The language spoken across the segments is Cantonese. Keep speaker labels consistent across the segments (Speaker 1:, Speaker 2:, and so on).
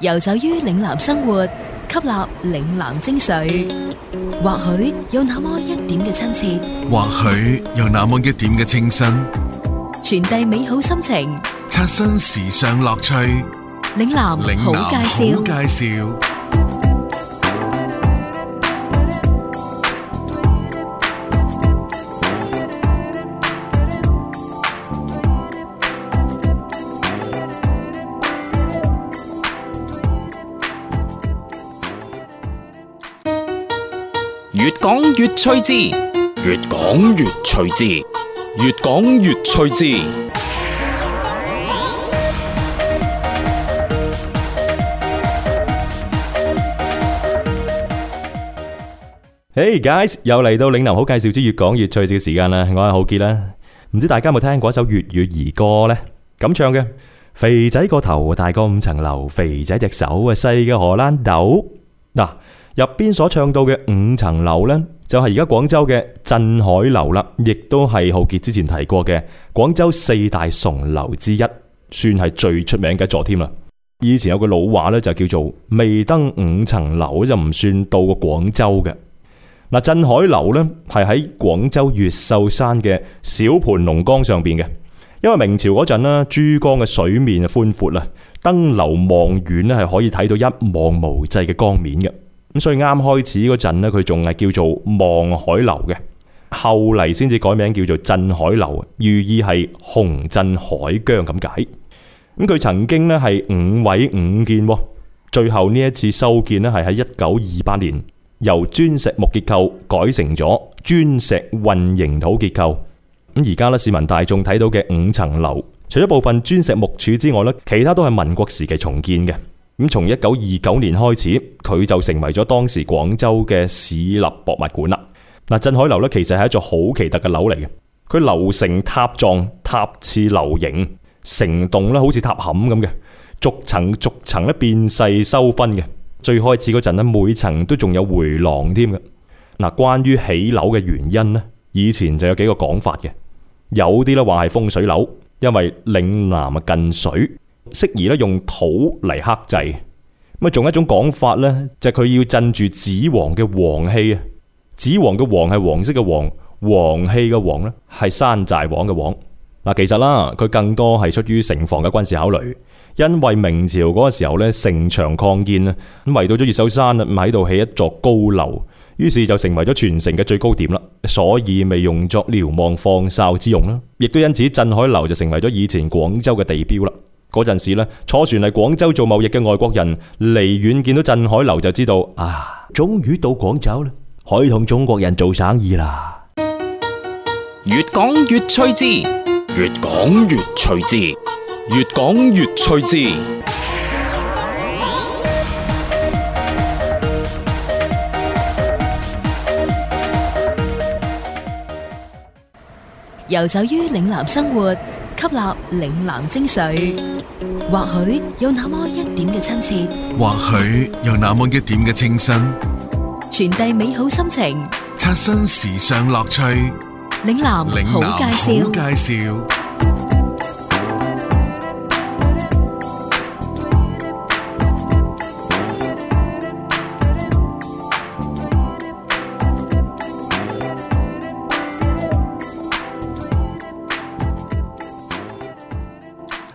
Speaker 1: 遊走於嶺南生活，吸納嶺南精髓，或許有那麼一點嘅親切，
Speaker 2: 或許有那麼一點嘅清新，
Speaker 1: 傳遞美好心情，
Speaker 2: 刷新時尚樂趣。
Speaker 1: 嶺南好介
Speaker 2: 紹。
Speaker 3: 越趣之，越講越趣之。越講越趣之
Speaker 4: Hey guys，又嚟到嶺南好介紹之越講越趣之嘅時間啦！我係浩杰啦，唔知大家有冇聽過一首粵語兒歌呢？咁唱嘅，肥仔個頭大過五層樓，肥仔隻手啊細嘅荷蘭豆嗱。入邊所唱到嘅五層樓呢，就係而家廣州嘅鎮海樓啦，亦都係浩傑之前提過嘅廣州四大崇樓之一，算係最出名嘅一座添啦。以前有句老話呢，就叫做未登五層樓就唔算到過廣州嘅。嗱，鎮海樓呢，係喺廣州越秀山嘅小盤龍崗上邊嘅，因為明朝嗰陣呢，珠江嘅水面啊寬闊啦，登樓望遠呢，係可以睇到一望無際嘅江面嘅。咁所以啱開始嗰陣咧，佢仲係叫做望海樓嘅，後嚟先至改名叫做鎮海樓，寓意係雄鎮海疆咁解。咁佢曾經咧係五位五建，最後呢一次修建咧係喺一九二八年，由磚石木結構改成咗磚石混凝土結構。咁而家咧，市民大眾睇到嘅五層樓，除咗部分磚石木柱之外咧，其他都係民國時期重建嘅。咁從一九二九年開始，佢就成為咗當時廣州嘅市立博物館啦。嗱，鎮海樓咧，其實係一座好奇特嘅樓嚟嘅。佢樓成塔狀，塔似樓形，成棟咧好似塔冚咁嘅，逐層逐層咧變細收分嘅。最開始嗰陣咧，每層都仲有回廊添嘅。嗱，關於起樓嘅原因呢，以前就有幾個講法嘅，有啲咧話係風水樓，因為嶺南啊近水，適宜咧用土嚟克制，咁啊，仲有一種講法呢，就係佢要鎮住紫黃嘅王氣啊。紫黃嘅黃係黃色嘅黃，王氣嘅王呢係山寨王嘅王嗱。其實啦，佢更多係出於城防嘅軍事考慮，因為明朝嗰個時候呢，城牆擴建啦，咁圍到咗越秀山啦，喺度起一座高樓，於是就成為咗全城嘅最高點啦，所以未用作瞭望放哨之用啦。亦都因此，鎮海樓就成為咗以前廣州嘅地標啦。嗰陣時咧，坐船嚟廣州做貿易嘅外國人，離遠見到鎮海樓，就知道啊，終於到廣州啦，可以同中國人做生意啦。
Speaker 3: 越講越趣致，越講越趣致，越講越趣致。
Speaker 1: 遊走於嶺南生活。吸納嶺南精髓，或許有那麼一點嘅親切，
Speaker 2: 或許有那麼一點嘅清新，
Speaker 1: 傳遞美好心情，
Speaker 2: 刷新時尚樂趣。
Speaker 1: 嶺南好介
Speaker 2: 紹。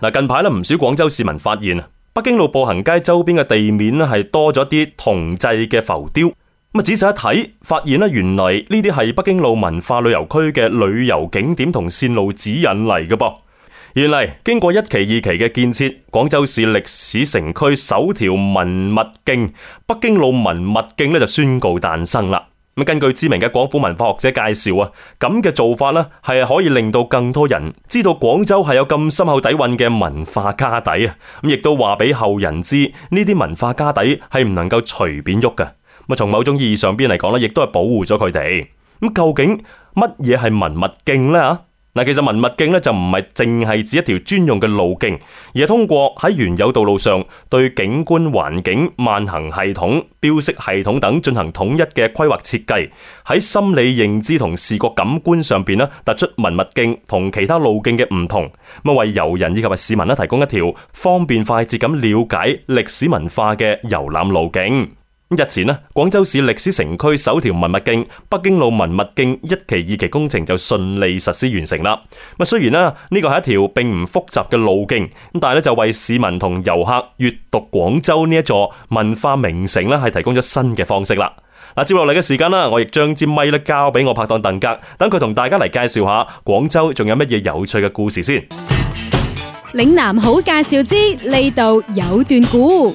Speaker 4: 嗱，近排咧唔少廣州市民發現啊，北京路步行街周邊嘅地面咧係多咗啲銅製嘅浮雕。咁啊，仔細一睇，發現咧原來呢啲係北京路文化旅遊區嘅旅遊景點同線路指引嚟嘅噃。原來經過一期二期嘅建設，廣州市歷史城區首條文物徑——北京路文物徑咧就宣告誕生啦。根據知名嘅廣府文化學者介紹啊，咁嘅做法咧係可以令到更多人知道廣州係有咁深厚底蘊嘅文化家底啊，咁亦都話俾後人知呢啲文化家底係唔能夠隨便喐㗎。咁從某種意義上邊嚟講呢亦都係保護咗佢哋。咁究竟乜嘢係文物徑呢？其實文物徑咧就唔係淨係指一條專用嘅路徑，而係通過喺原有道路上對景觀環境、慢行系統、標識系統等進行統一嘅規劃設計，喺心理認知同視覺感官上邊咧突出文物徑同其他路徑嘅唔同，咁為遊人以及市民提供一條方便快捷咁了解歷史文化嘅遊覽路徑。日前呢，廣州市歷史城區首條文物徑——北京路文物徑一期、二期工程就順利實施完成啦。咁雖然呢，呢個係一條並唔複雜嘅路徑，咁但係咧就為市民同遊客閱讀廣州呢一座文化名城咧，係提供咗新嘅方式啦。嗱，接落嚟嘅時間啦，我亦將支咪咧交俾我拍檔鄧格，等佢同大家嚟介紹下廣州仲有乜嘢有趣嘅故事先。
Speaker 1: 嶺南好介紹之，呢度有段古。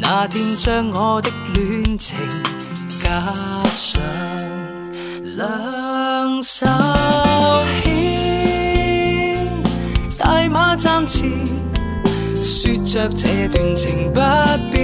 Speaker 5: 那天將我的戀情加上，兩手牽，大馬站前，說着這段情不變。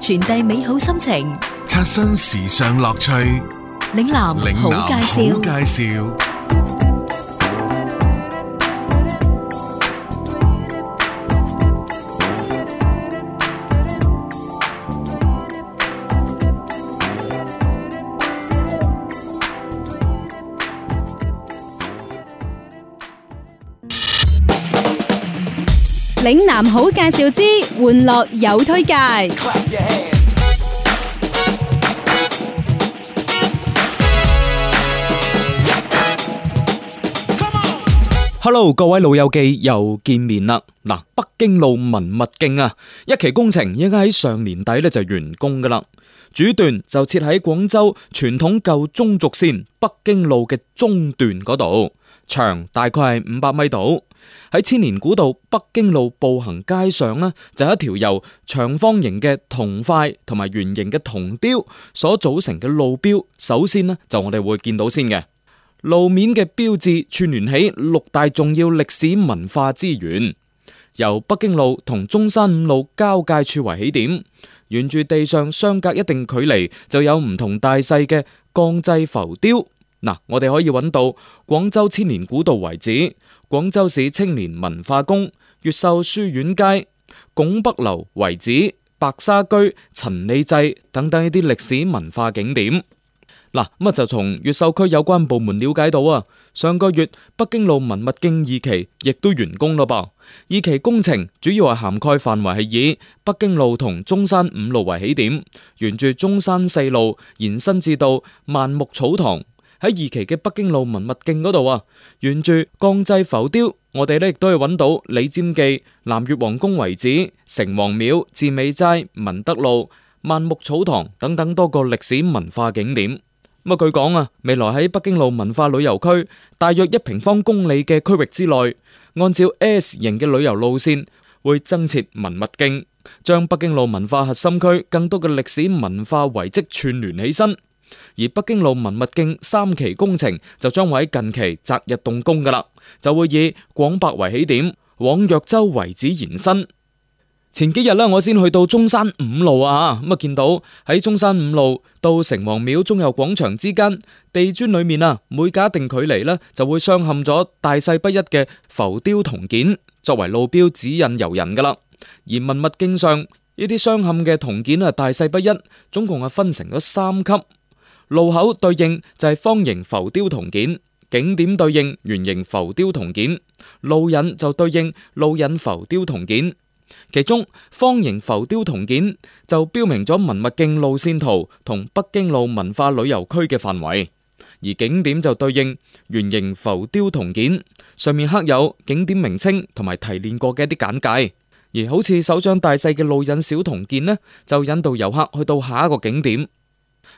Speaker 1: 傳遞美好心情，
Speaker 2: 刷新時尚樂趣。
Speaker 1: 嶺南好介紹。嶺南好介紹之，玩樂有推介。
Speaker 6: Hello，各位老友記又見面啦！嗱，北京路文物徑啊，一期工程應該喺上年底咧就完工噶啦，主段就設喺廣州傳統舊中軸線北京路嘅中段嗰度，長大概係五百米度。喺千年古道北京路步行街上呢就有、是、一條由長方形嘅銅塊同埋圓形嘅銅雕所組成嘅路標。首先呢就我哋會見到先嘅路面嘅標誌串聯起六大重要歷史文化資源，由北京路同中山五路交界處為起點，沿住地上相隔一定距離就有唔同大細嘅鋼製浮雕。嗱、啊，我哋可以揾到廣州千年古道遺址。廣州市青年文化宮、越秀書院街、拱北樓遺址、白沙居、陳李濟等等一啲歷史文化景點。嗱、啊，咁啊就從越秀區有關部門了解到啊，上個月北京路文物徑二期亦都完工咯噃。二期工程主要係涵蓋範圍係以北京路同中山五路為起點，沿住中山四路延伸至到萬木草堂。喺二期嘅北京路文物徑嗰度啊，沿住鋼製浮雕，我哋呢亦都係揾到李占記、南越皇宮遺址、城隍廟、至美齋、文德路、萬木草堂等等多個歷史文化景點。咁啊，據講啊，未來喺北京路文化旅遊區大約一平方公里嘅區域之內，按照 S 型嘅旅遊路線，會增設文物徑，將北京路文化核心區更多嘅歷史文化遺迹串聯起身。而北京路文物徑三期工程就將會喺近期擇日動工噶啦，就會以廣百為起點，往藥洲遺址延伸。前幾日呢，我先去到中山五路啊，咁、嗯、啊見到喺中山五路到城隍廟忠佑廣場之間地磚裏面啊，每隔一定距離呢，就會鑲嵌咗大細不一嘅浮雕銅件，作為路標指引遊人噶啦。而文物徑上呢啲鑲嵌嘅銅件啊，大細不一，總共係分成咗三級。路口對應就係方形浮雕銅件，景點對應圓形浮雕銅件，路引就對應路引浮雕銅件。其中方形浮雕銅件就標明咗文物徑路線圖同北京路文化旅遊區嘅範圍，而景點就對應圓形浮雕銅件，上面刻有景點名稱同埋提煉過嘅一啲簡介，而好似手掌大細嘅路引小銅件呢，就引導遊客去到下一個景點。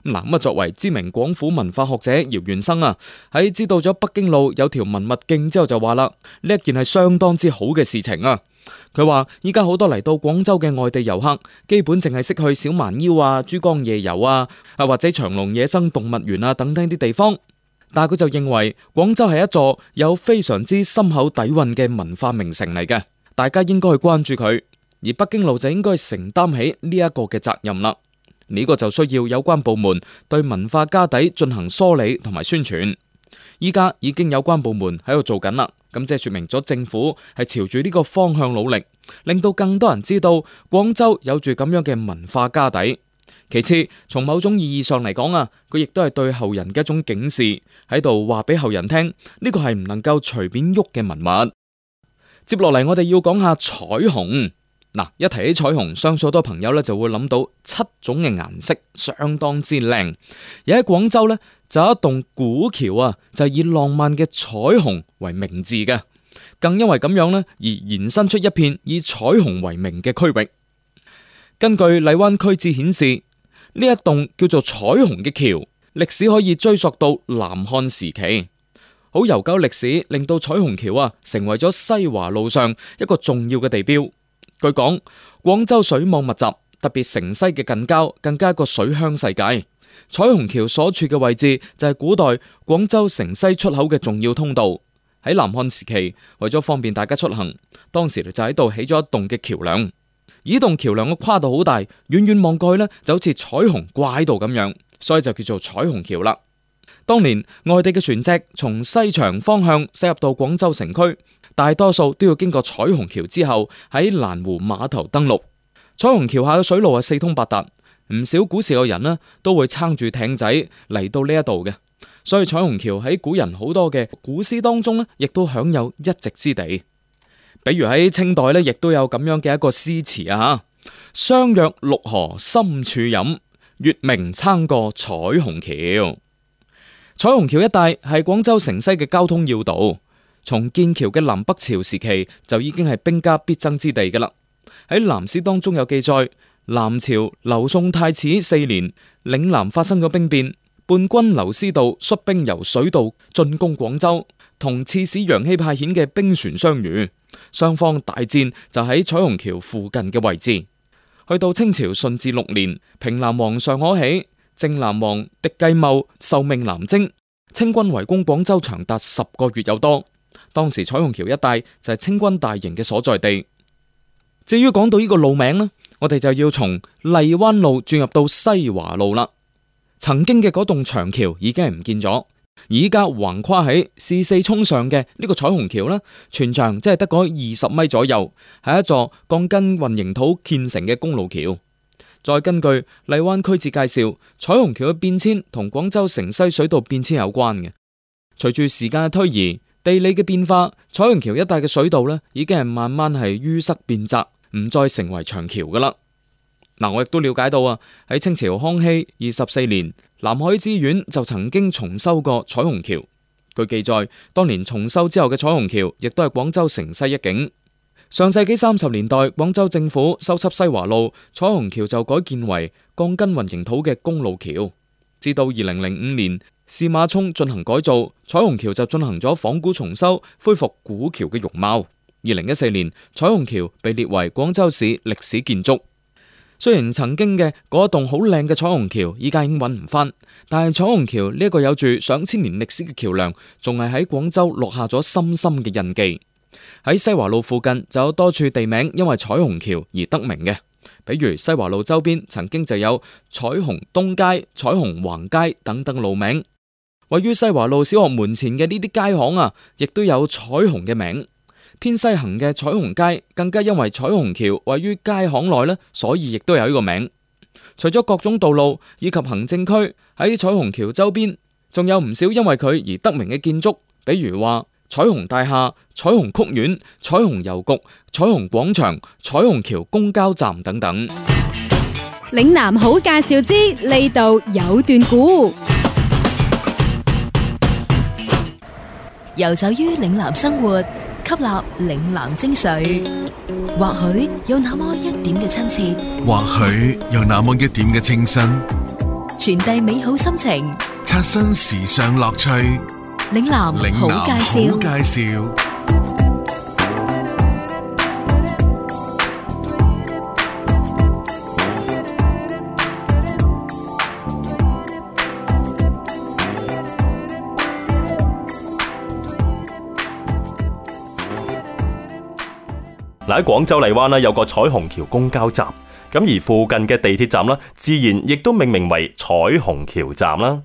Speaker 6: 嗱，咁作為知名廣府文化學者姚元生啊，喺知道咗北京路有條文物徑之後就，就話啦，呢一件係相當之好嘅事情啊。佢話依家好多嚟到廣州嘅外地遊客，基本淨係識去小蠻腰啊、珠江夜遊啊，啊或者長隆野生動物園啊等等啲地方。但係佢就認為廣州係一座有非常之深厚底蘊嘅文化名城嚟嘅，大家應該去關注佢，而北京路就應該承擔起呢一個嘅責任啦。呢個就需要有關部門對文化家底進行梳理同埋宣傳，依家已經有關部門喺度做緊啦。咁即係說明咗政府係朝住呢個方向努力，令到更多人知道廣州有住咁樣嘅文化家底。其次，從某種意義上嚟講啊，佢亦都係對後人嘅一種警示，喺度話俾後人聽，呢個係唔能夠隨便喐嘅文物。接落嚟，我哋要講下彩虹。嗱，一提起彩虹，相信好多朋友咧就會諗到七種嘅顏色，相當之靚。而喺廣州呢，就有一棟古橋啊，就係，以浪漫嘅彩虹為名字嘅，更因為咁樣呢，而延伸出一片以彩虹為名嘅區域。根據荔灣區志顯示，呢一棟叫做彩虹嘅橋，歷史可以追溯到南漢時期，好悠久歷史，令到彩虹橋啊成為咗西華路上一個重要嘅地標。據講，廣州水網密集，特別城西嘅近郊更加一個水鄉世界。彩虹橋所處嘅位置就係古代廣州城西出口嘅重要通道。喺南漢時期，為咗方便大家出行，當時就喺度起咗一棟嘅橋樑。呢棟橋樑嘅跨度好大，遠遠望過去呢就好似彩虹掛喺度咁樣，所以就叫做彩虹橋啦。當年外地嘅船隻從西牆方向駛入到廣州城區。大多數都要經過彩虹橋之後喺南湖碼頭登陸。彩虹橋下嘅水路係四通八達，唔少古時嘅人呢都會撐住艇仔嚟到呢一度嘅，所以彩虹橋喺古人好多嘅古詩當中呢，亦都享有一席之地。比如喺清代呢，亦都有咁樣嘅一個詩詞啊，相約六河深處飲，月明撐過彩虹橋。彩虹橋一帶係廣州城西嘅交通要道。從建橋嘅南北朝時期就已經係兵家必爭之地嘅啦。喺南史當中有記載，南朝劉宋太始四年，嶺南發生咗兵變，叛軍劉思道率兵由水道進攻廣州，同刺史楊希派遣嘅兵船相遇，雙方大戰就喺彩虹橋附近嘅位置。去到清朝順治六年，平南王尚可喜、靖南王狄繼茂受命南征，清軍圍攻廣州長達十個月有多。當時彩虹橋一帶就係清軍大營嘅所在地。至於講到呢個路名呢，我哋就要從荔灣路轉入到西華路啦。曾經嘅嗰棟長橋已經係唔見咗，而家橫跨喺四四涌上嘅呢個彩虹橋呢，全長即係得嗰二十米左右，係一座鋼筋混凝土建成嘅公路橋。再根據荔灣區志介紹，彩虹橋嘅變遷同廣州城西水道變遷有關嘅。隨住時間嘅推移，地理嘅變化，彩虹橋一帶嘅水道呢已經係慢慢係淤塞變窄，唔再成為長橋噶啦。嗱、嗯，我亦都了解到啊，喺清朝康熙二十四年，南海知縣就曾經重修過彩虹橋。據記載，當年重修之後嘅彩虹橋，亦都係廣州城西一景。上世紀三十年代，廣州政府修葺西華路，彩虹橋就改建為鋼筋混凝土嘅公路橋。至到二零零五年。司馬涌進行改造，彩虹橋就進行咗仿古重修，恢復古橋嘅容貌。二零一四年，彩虹橋被列為廣州市歷史建築。雖然曾經嘅嗰棟好靚嘅彩虹橋，依家已經揾唔返，但係彩虹橋呢一個有住上千年歷史嘅橋樑，仲係喺廣州落下咗深深嘅印記。喺西華路附近就有多處地名因為彩虹橋而得名嘅，比如西華路周邊曾經就有彩虹東街、彩虹橫街等等路名。位於西華路小學門前嘅呢啲街巷啊，亦都有彩虹嘅名。偏西行嘅彩虹街，更加因為彩虹橋位於街巷內呢，所以亦都有呢個名。除咗各種道路以及行政區喺彩虹橋周邊，仲有唔少因為佢而得名嘅建築，比如話彩虹大廈、彩虹曲苑、彩虹郵局、彩虹廣場、彩虹橋公交站等等。
Speaker 1: 嶺南好介紹之，呢度有段古。遊走於嶺南生活，吸納嶺南精髓，或許有那麼一點嘅親切，
Speaker 2: 或許有那麼一點嘅清新，
Speaker 1: 傳遞美好心情，
Speaker 2: 刷新時尚樂趣。
Speaker 1: 嶺南好介
Speaker 2: 紹。
Speaker 4: 喺廣州荔灣啦，有個彩虹橋公交站，咁而附近嘅地鐵站啦，自然亦都命名為彩虹橋站啦。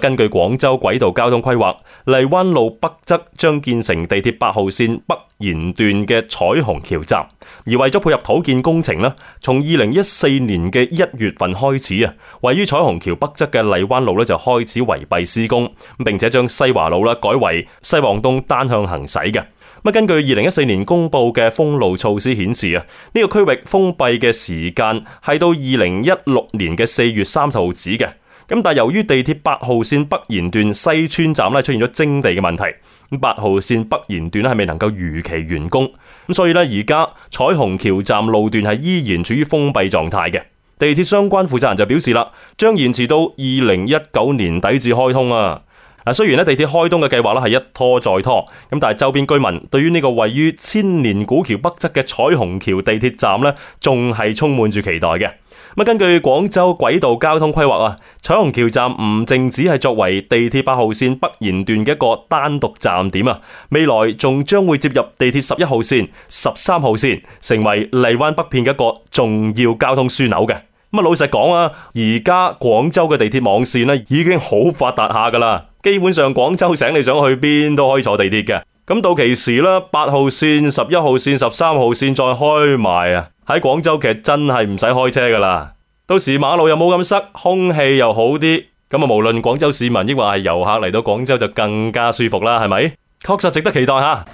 Speaker 4: 根據廣州軌道交通規劃，荔灣路北側將建成地鐵八號線北延段嘅彩虹橋站。而為咗配合土建工程咧，從二零一四年嘅一月份開始，位於彩虹橋北側嘅荔灣路咧就開始圍蔽施工，並且將西華路啦改為西往東單向行駛嘅。根據二零一四年公布嘅封路措施顯示啊，呢個區域封閉嘅時間係到二零一六年嘅四月三十號止嘅。咁但係由於地鐵八號線北延段西村站咧出現咗徵地嘅問題，八號線北延段咧係未能夠如期完工。咁所以咧而家彩虹橋站路段係依然處於封閉狀態嘅。地鐵相關負責人就表示啦，將延遲到二零一九年底至開通啊。嗱，雖然咧地鐵開通嘅計劃咧係一拖再拖，但係周邊居民對於呢個位於千年古橋北側嘅彩虹橋地鐵站咧，仲係充滿住期待嘅。咁根據廣州軌道交通規劃啊，彩虹橋站唔淨止係作為地鐵八號線北延段嘅一個單獨站點啊，未來仲將會接入地鐵十一號線、十三號線，成為荔灣北片嘅一個重要交通樞紐嘅。咁啊，老實講啊，而家廣州嘅地鐵網線咧已經好發達下噶啦。基本上廣州城你想去邊都可以坐地鐵嘅，咁到其時啦，八號線、十一號線、十三號線再開埋啊！喺廣州其實真係唔使開車噶啦，到時馬路又冇咁塞，空氣又好啲，咁啊無論廣州市民抑或係遊客嚟到廣州就更加舒服啦，係咪？確實值得期待吓。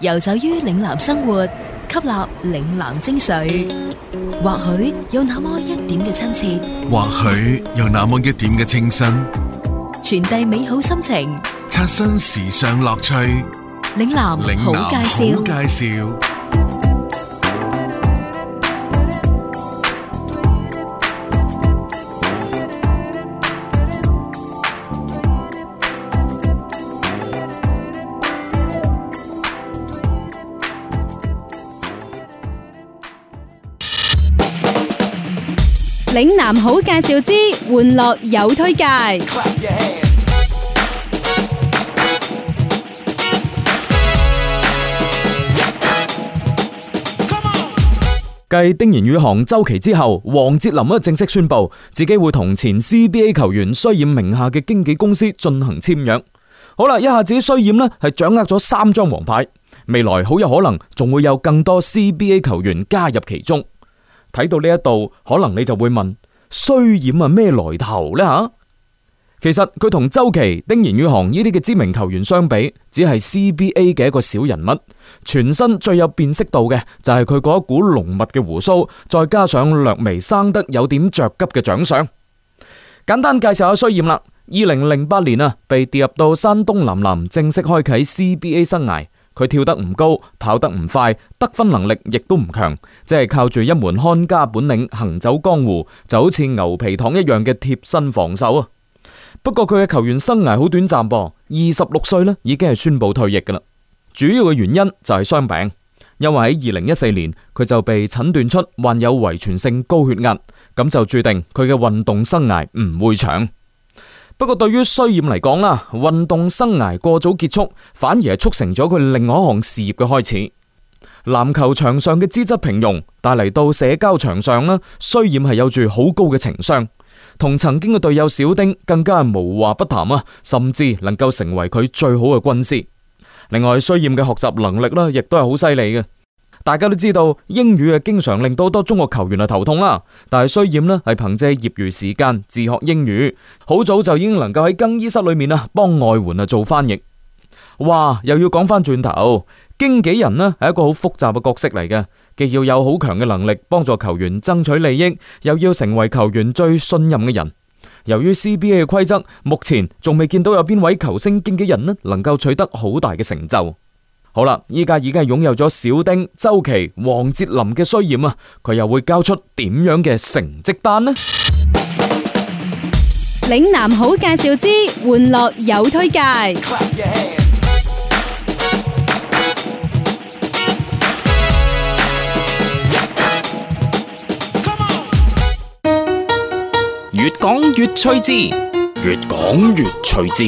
Speaker 1: 遊走於嶺南生活，吸納嶺南精髓，或許有那麼一點嘅親切，
Speaker 2: 或許有那麼一點嘅清新。
Speaker 1: 傳遞美好心情，
Speaker 2: 刷新時尚樂趣。
Speaker 1: 嶺南好介紹。嶺南好介紹之，玩樂有推介。
Speaker 6: 繼丁彥雨航周琦之後，王哲林啊正式宣布自己會同前 CBA 球員孫岩名下嘅經紀公司進行簽約。好啦，一下子孫岩咧係掌握咗三張黃牌，未來好有可能仲會有更多 CBA 球員加入其中。睇到呢一度，可能你就會問：孫岩啊，咩來頭呢？吓、啊，其實佢同周琦、丁彥雨航呢啲嘅知名球員相比，只係 CBA 嘅一個小人物。全身最有辨識度嘅就係佢嗰一股濃密嘅鬍鬚，再加上略微生得有點着急嘅長相。簡單介紹下孫岩啦，二零零八年啊，被跌入到山東男籃，正式開啟 CBA 生涯。佢跳得唔高，跑得唔快，得分能力亦都唔強，即係靠住一門看家本領行走江湖，就好似牛皮糖一樣嘅貼身防守啊！不過佢嘅球員生涯好短暫噃，二十六歲咧已經係宣布退役噶啦。主要嘅原因就係傷病，因為喺二零一四年佢就被診斷出患有遺傳性高血壓，咁就注定佢嘅運動生涯唔會長。不過對於蘇艷嚟講啦，運動生涯過早結束，反而係促成咗佢另一項事業嘅開始。籃球場上嘅資質平庸，但嚟到社交場上咧，蘇艷係有住好高嘅情商，同曾經嘅隊友小丁更加係無話不談啊，甚至能夠成為佢最好嘅軍師。另外，蘇艷嘅學習能力咧，亦都係好犀利嘅。大家都知道英語啊，經常令到多中國球員啊頭痛啦。但係雖然咧，係憑借業餘時間自學英語，好早就已經能夠喺更衣室裏面啊幫外援啊做翻譯。哇，又要講翻轉頭，經紀人呢係一個好複雜嘅角色嚟嘅，既要有好強嘅能力幫助球員爭取利益，又要成為球員最信任嘅人。由於 CBA 嘅規則，目前仲未見到有邊位球星經紀人呢能夠取得好大嘅成就。好啦，依家已經係擁有咗小丁、周琦、王哲林嘅衰染啊，佢又會交出點樣嘅成績單呢？
Speaker 1: 嶺南好介紹之，玩樂有推介，
Speaker 3: 越講越趣之，越講越趣之，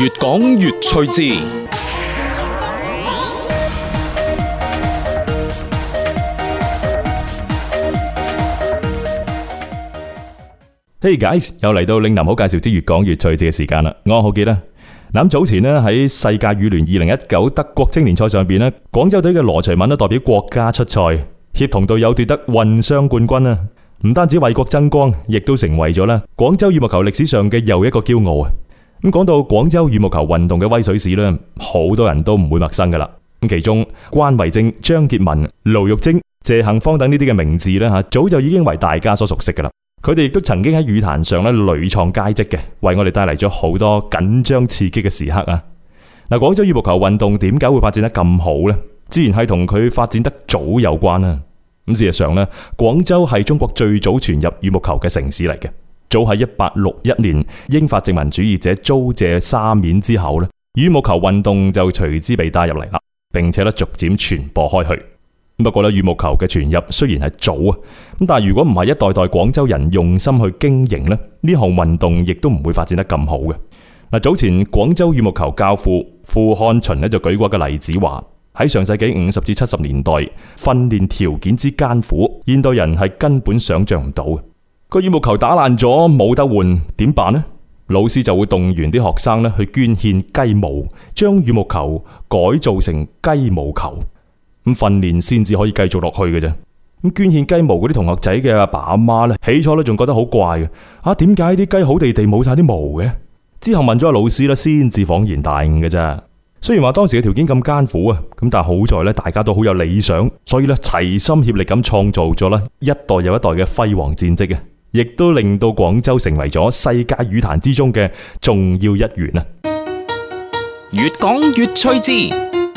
Speaker 3: 越講越趣之。
Speaker 4: Hey guys，又嚟到嶺南好介紹之越講越趣節嘅時間啦！我阿浩杰啦，咁早前呢，喺世界羽聯二零一九德國青年賽上邊呢，廣州隊嘅羅徐敏都代表國家出賽，協同隊友奪得混雙冠軍啊，唔單止為國爭光，亦都成為咗呢，廣州羽毛球歷史上嘅又一個驕傲啊！咁講到廣州羽毛球運動嘅威水史呢，好多人都唔會陌生噶啦。咁其中關渭貞、張潔雯、盧玉貞、謝杏芳等呢啲嘅名字呢，吓，早就已經為大家所熟悉噶啦。佢哋亦都曾經喺羽壇上咧屢創佳績嘅，為我哋帶嚟咗好多緊張刺激嘅時刻啊！嗱，廣州羽毛球運動點解會發展得咁好呢？自然係同佢發展得早有關啦。咁事實上呢，廣州係中國最早傳入羽毛球嘅城市嚟嘅。早喺一八六一年，英法殖民主義者租借沙面之後咧，羽毛球運動就隨之被帶入嚟啦，並且咧逐漸傳播開去。不過咧，羽毛球嘅傳入雖然係早啊，咁但係如果唔係一代代廣州人用心去經營咧，呢項運動亦都唔會發展得咁好嘅。嗱，早前廣州羽毛球教父傅漢秦咧就舉過個例子話，喺上世紀五十至七十年代，訓練條件之艱苦，現代人係根本想象唔到嘅。個羽毛球打爛咗冇得換，點辦咧？老師就會動員啲學生咧去捐獻雞毛，將羽毛球改造成雞毛球。訓練先至可以繼續落去嘅啫。咁捐獻雞毛嗰啲同學仔嘅阿爸阿媽呢，起初呢仲覺得好怪嘅，吓，點解啲雞好地地冇晒啲毛嘅？之後問咗阿老師呢，先至恍然大悟嘅啫。雖然話當時嘅條件咁艱苦啊，咁但係好在呢大家都好有理想，所以呢齊心協力咁創造咗呢一代又一代嘅輝煌戰績啊！亦都令到廣州成為咗世界羽壇之中嘅重要
Speaker 3: 一員啊！越講越趣致。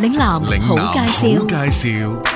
Speaker 1: 嶺南好介紹。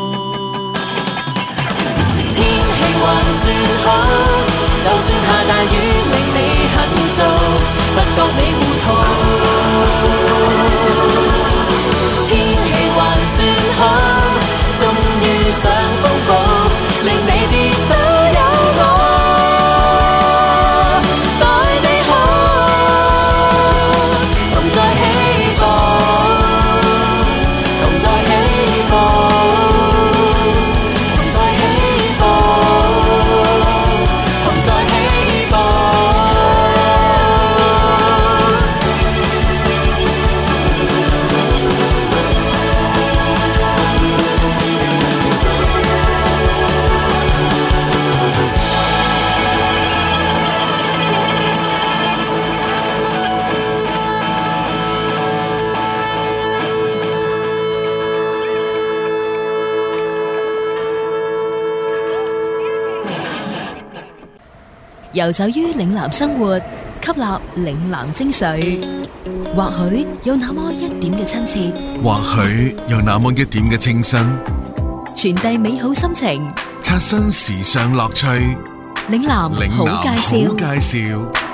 Speaker 1: 遊走於嶺南生活，吸納嶺南精髓，或許有那麼一點嘅親切，
Speaker 2: 或許有那麼一點嘅清新，
Speaker 1: 傳遞美好心情，
Speaker 2: 刷新時尚樂趣。
Speaker 1: 嶺南好介紹，好介
Speaker 2: 紹。